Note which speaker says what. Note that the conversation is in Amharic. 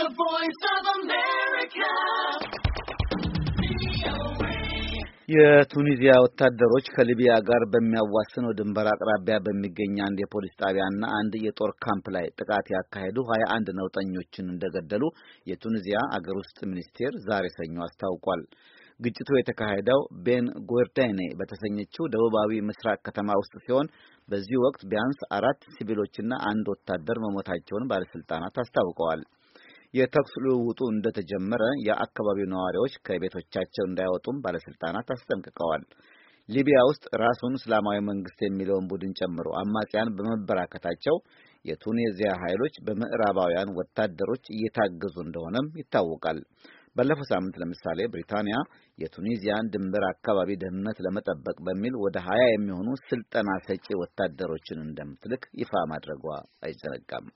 Speaker 1: The Voice of America.
Speaker 2: የቱኒዚያ ወታደሮች ከሊቢያ ጋር በሚያዋስነው ድንበር አቅራቢያ በሚገኝ አንድ የፖሊስ ጣቢያና አንድ የጦር ካምፕ ላይ ጥቃት ያካሄዱ ሀያ አንድ ነውጠኞችን እንደገደሉ የቱኒዚያ አገር ውስጥ ሚኒስቴር ዛሬ ሰኞ አስታውቋል። ግጭቱ የተካሄደው ቤን ጎርዳይኔ በተሰኘችው ደቡባዊ ምስራቅ ከተማ ውስጥ ሲሆን በዚህ ወቅት ቢያንስ አራት ሲቪሎችና አንድ ወታደር መሞታቸውን ባለስልጣናት አስታውቀዋል። የተኩስ ልውውጡ እንደተጀመረ የአካባቢው ነዋሪዎች ከቤቶቻቸው እንዳይወጡም ባለስልጣናት አስጠንቅቀዋል። ሊቢያ ውስጥ ራሱን እስላማዊ መንግስት የሚለውን ቡድን ጨምሮ አማጽያን በመበራከታቸው የቱኒዚያ ኃይሎች በምዕራባውያን ወታደሮች እየታገዙ እንደሆነም ይታወቃል። ባለፈው ሳምንት ለምሳሌ ብሪታንያ የቱኒዚያን ድንበር አካባቢ ደህንነት ለመጠበቅ በሚል ወደ ሀያ የሚሆኑ ስልጠና ሰጪ ወታደሮችን እንደምትልክ ይፋ ማድረጓ አይዘነጋም።